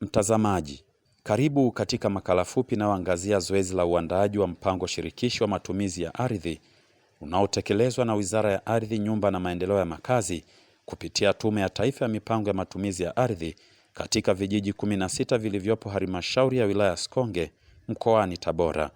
Mtazamaji, karibu katika makala fupi inayoangazia zoezi la uandaaji wa mpango shirikishi wa matumizi ya ardhi unaotekelezwa na Wizara ya Ardhi, Nyumba na Maendeleo ya Makazi kupitia Tume ya Taifa ya Mipango ya Matumizi ya Ardhi katika vijiji 16 vilivyopo halmashauri ya wilaya Sikonge mkoani Tabora.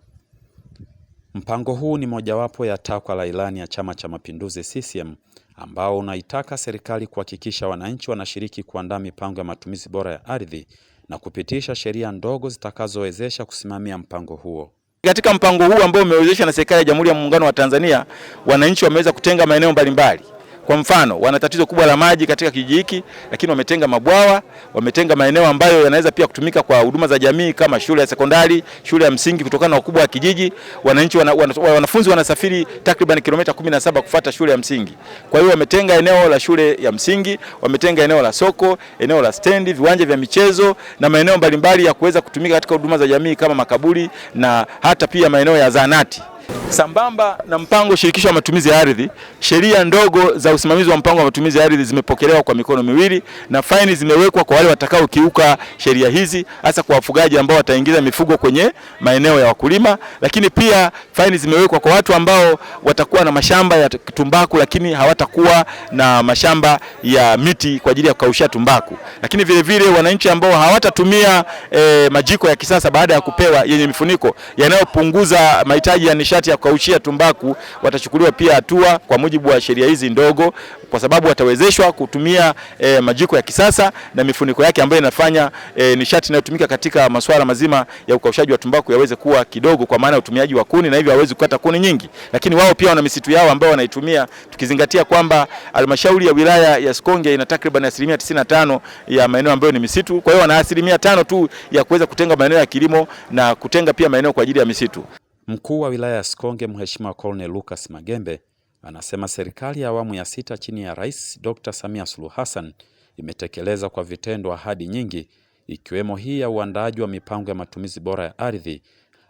Mpango huu ni mojawapo ya takwa la ilani ya Chama cha Mapinduzi CCM ambao unaitaka serikali kuhakikisha wananchi wanashiriki kuandaa mipango ya matumizi bora ya ardhi na kupitisha sheria ndogo zitakazowezesha kusimamia mpango huo. Katika mpango huu ambao umewezeshwa na serikali ya Jamhuri ya Muungano wa Tanzania, wananchi wameweza kutenga maeneo mbalimbali kwa mfano, wana tatizo kubwa la maji katika kijiji hiki, lakini wametenga mabwawa, wametenga maeneo ambayo yanaweza pia kutumika kwa huduma za jamii kama shule ya sekondari, shule ya msingi. Kutokana na ukubwa wa kijiji, wananchi wana, wana, wanafunzi wanasafiri takriban kilomita 17 kufuata shule ya msingi. Kwa hiyo wametenga eneo la shule ya msingi, wametenga eneo la soko, eneo la stendi, viwanja vya michezo na maeneo mbalimbali ya kuweza kutumika katika huduma za jamii kama makaburi na hata pia maeneo ya zahanati. Sambamba na mpango shirikisho wa matumizi ya ardhi, sheria ndogo za usimamizi wa mpango wa matumizi ya ardhi zimepokelewa kwa mikono miwili na faini zimewekwa kwa wale watakaokiuka sheria hizi, hasa kwa wafugaji ambao wataingiza mifugo kwenye maeneo ya wakulima. Lakini pia faini zimewekwa kwa watu ambao watakuwa na mashamba ya tumbaku, lakini hawatakuwa na mashamba ya miti kwa ajili ya kukaushia tumbaku. Lakini vile vile wananchi ambao hawatatumia eh, majiko ya kisasa baada ya kupewa yenye mifuniko yanayopunguza mahitaji ya nishati masharti ya kukaushia tumbaku watachukuliwa pia hatua kwa mujibu wa sheria hizi ndogo, kwa sababu watawezeshwa kutumia e, majiko ya kisasa na mifuniko yake ambayo inafanya e, nishati inayotumika katika masuala mazima ya ukaushaji wa tumbaku yaweze kuwa kidogo, kwa maana ya utumiaji wa kuni, na hivyo hawezi kukata kuni nyingi. Lakini wao pia wana misitu yao ambayo wanaitumia, tukizingatia kwamba halmashauri ya wilaya ya Sikonge ina takriban asilimia 95 ya maeneo ambayo ni misitu. Kwa hiyo wana asilimia tano tu ya kuweza kutenga maeneo ya kilimo na kutenga pia maeneo kwa ajili ya misitu. Mkuu wa wilaya ya Sikonge Mheshimiwa Colonel Lucas Magembe anasema serikali ya awamu ya sita chini ya Rais Dr. Samia Suluhu Hassan imetekeleza kwa vitendo ahadi nyingi ikiwemo hii ya uandaaji wa mipango ya matumizi bora ya ardhi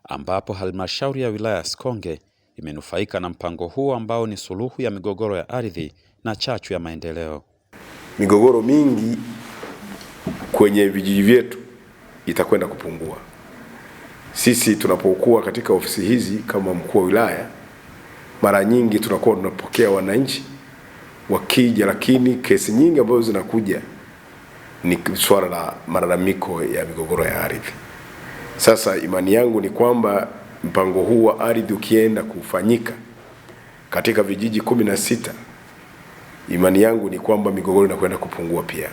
ambapo halmashauri ya wilaya ya Sikonge imenufaika na mpango huu ambao ni suluhu ya migogoro ya ardhi na chachu ya maendeleo. Migogoro mingi kwenye vijiji vyetu itakwenda kupungua sisi tunapokuwa katika ofisi hizi kama mkuu wa wilaya, mara nyingi tunakuwa tunapokea wananchi wakija, lakini kesi nyingi ambazo zinakuja ni swala la malalamiko ya migogoro ya ardhi. Sasa imani yangu ni kwamba mpango huu wa ardhi ukienda kufanyika katika vijiji kumi na sita, imani yangu ni kwamba migogoro inakwenda kupungua pia,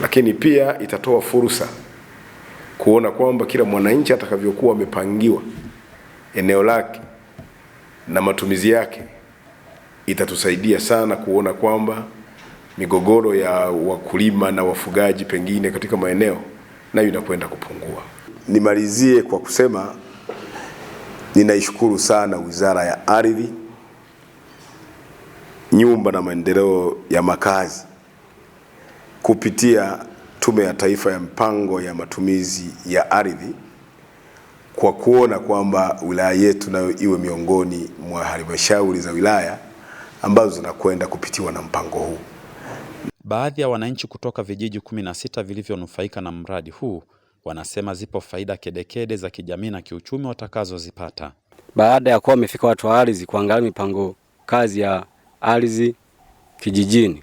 lakini pia itatoa fursa kuona kwamba kila mwananchi atakavyokuwa amepangiwa eneo lake na matumizi yake itatusaidia sana kuona kwamba migogoro ya wakulima na wafugaji pengine katika maeneo nayo inakwenda kupungua. Nimalizie kwa kusema ninaishukuru sana Wizara ya Ardhi, Nyumba na Maendeleo ya Makazi kupitia Tume ya Taifa ya Mipango ya Matumizi ya Ardhi kwa kuona kwamba wilaya yetu nayo iwe miongoni mwa halmashauri za wilaya ambazo zinakwenda kupitiwa na mpango huu. Baadhi ya wananchi kutoka vijiji kumi na sita vilivyonufaika na mradi huu wanasema zipo faida kedekede za kijamii na kiuchumi watakazozipata baada ya kuwa wamefika watu wa ardhi kuangalia mipango kazi ya ardhi kijijini.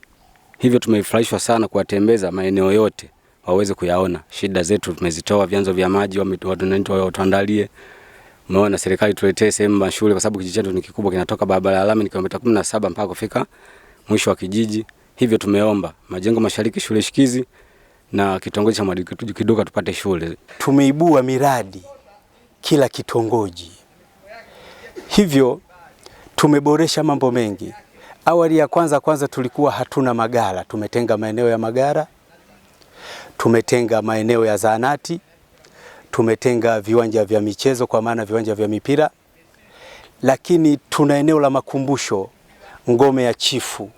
Hivyo tumefurahishwa sana kuwatembeza maeneo yote waweze kuyaona. Shida zetu tumezitoa, vyanzo vya maji watuandalie, umeona. Serikali tuletee sehemu mashule, kwa sababu kijiji chetu ni kikubwa, kinatoka barabara ya lami ni kilomita 17 mpaka kufika mwisho wa kijiji. Hivyo tumeomba Majengo Mashariki shule shikizi na kitongoji cha Mwakiduka tupate shule. Tumeibua miradi kila kitongoji, hivyo tumeboresha mambo mengi. Awali ya kwanza kwanza tulikuwa hatuna magara, tumetenga maeneo ya magara Tumetenga maeneo ya zahanati, tumetenga viwanja vya michezo kwa maana viwanja vya mipira, lakini tuna eneo la makumbusho, ngome ya chifu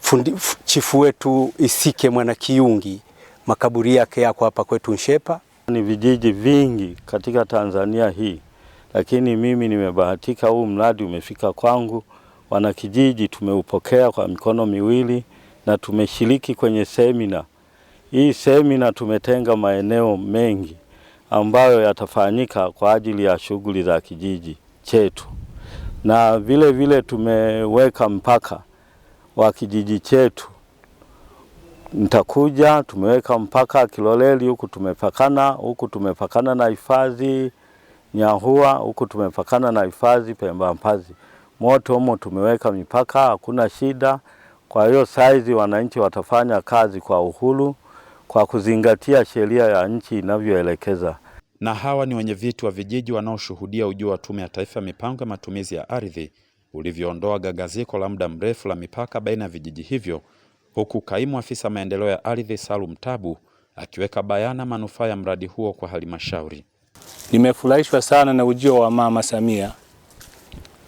Fundi, chifu wetu Isike Mwana kiungi makaburi yake yako hapa kwetu Nshepa. Ni vijiji vingi katika Tanzania hii, lakini mimi nimebahatika, huu mradi umefika kwangu. Wanakijiji tumeupokea kwa mikono miwili na tumeshiriki kwenye semina hii semina tumetenga maeneo mengi ambayo yatafanyika kwa ajili ya shughuli za kijiji chetu, na vile vile tumeweka mpaka wa kijiji chetu Ntakuja, tumeweka mpaka Kiloleli, huku tumepakana, huku tumepakana na hifadhi Nyahua, huku tumepakana na hifadhi Mpazi. moto humo tumeweka mipaka, hakuna shida. Kwa hiyo saizi wananchi watafanya kazi kwa uhuru kwa kuzingatia sheria ya nchi inavyoelekeza. Na hawa ni wenyeviti wa vijiji wanaoshuhudia ujio wa Tume ya Taifa ya Mipango ya Matumizi ya Ardhi ulivyoondoa gagaziko la muda mrefu la mipaka baina ya vijiji hivyo, huku kaimu afisa maendeleo ya ardhi Salum Tabu akiweka bayana manufaa ya mradi huo kwa halmashauri. Nimefurahishwa sana na ujio wa Mama Samia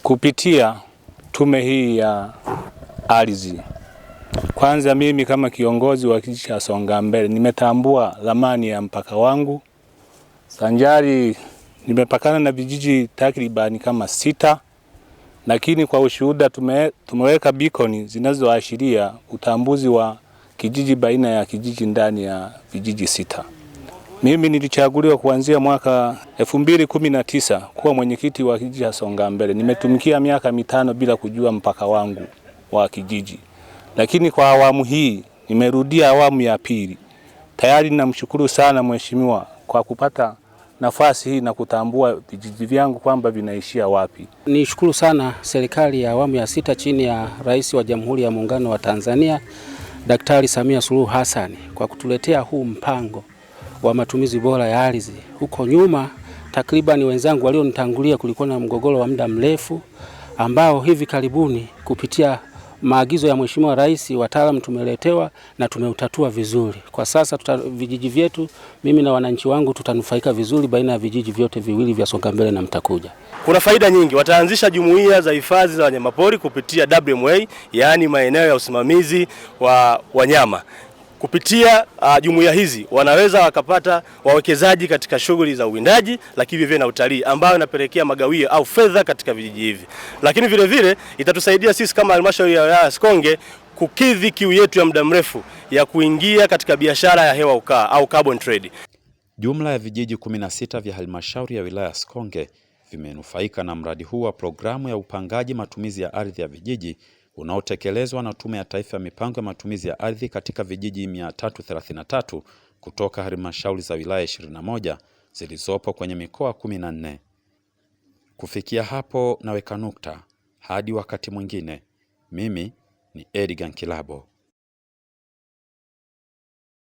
kupitia tume hii ya ardhi. Kwanza mimi kama kiongozi wa kijiji cha songa mbele nimetambua dhamani ya mpaka wangu sanjari, nimepakana na vijiji takribani kama sita, lakini kwa ushuhuda tume, tumeweka beacon zinazoashiria utambuzi wa kijiji baina ya kijiji ndani ya vijiji sita. Mimi nilichaguliwa kuanzia mwaka 2019 kuwa mwenyekiti wa kijiji cha songa mbele Nimetumikia miaka mitano bila kujua mpaka wangu wa kijiji lakini kwa awamu hii nimerudia awamu ya pili. Tayari namshukuru sana mheshimiwa kwa kupata nafasi hii na kutambua vijiji vyangu kwamba vinaishia wapi. Nishukuru sana serikali ya awamu ya sita chini ya Rais wa Jamhuri ya Muungano wa Tanzania Daktari Samia Suluhu Hassan kwa kutuletea huu mpango wa matumizi bora ya ardhi. Huko nyuma, takribani wenzangu walionitangulia, kulikuwa na mgogoro wa muda mrefu ambao hivi karibuni kupitia maagizo ya Mheshimiwa Rais, wataalamu tumeletewa na tumeutatua vizuri. Kwa sasa tuta, vijiji vyetu mimi na wananchi wangu tutanufaika vizuri baina ya vijiji vyote viwili vya Songambele na Mtakuja. Kuna faida nyingi, wataanzisha jumuiya za hifadhi za wanyamapori kupitia WMA, yaani maeneo ya usimamizi wa wanyama kupitia uh, jumuiya hizi wanaweza wakapata wawekezaji katika shughuli za uwindaji, lakini vile na utalii ambayo inapelekea magawio au fedha katika vijiji hivi, lakini vilevile itatusaidia sisi kama halmashauri ya wilaya Sikonge kukidhi kiu yetu ya muda mrefu ya kuingia katika biashara ya hewa ukaa au carbon trade. Jumla ya vijiji 16 vya halmashauri ya wilaya Sikonge vimenufaika na mradi huu wa programu ya upangaji matumizi ya ardhi ya vijiji unaotekelezwa na Tume ya Taifa ya Mipango ya Matumizi ya Ardhi katika vijiji 333 kutoka halmashauri za wilaya 21 zilizopo kwenye mikoa 14. Kufikia hapo naweka nukta hadi wakati mwingine. Mimi ni Edgar Kilabo.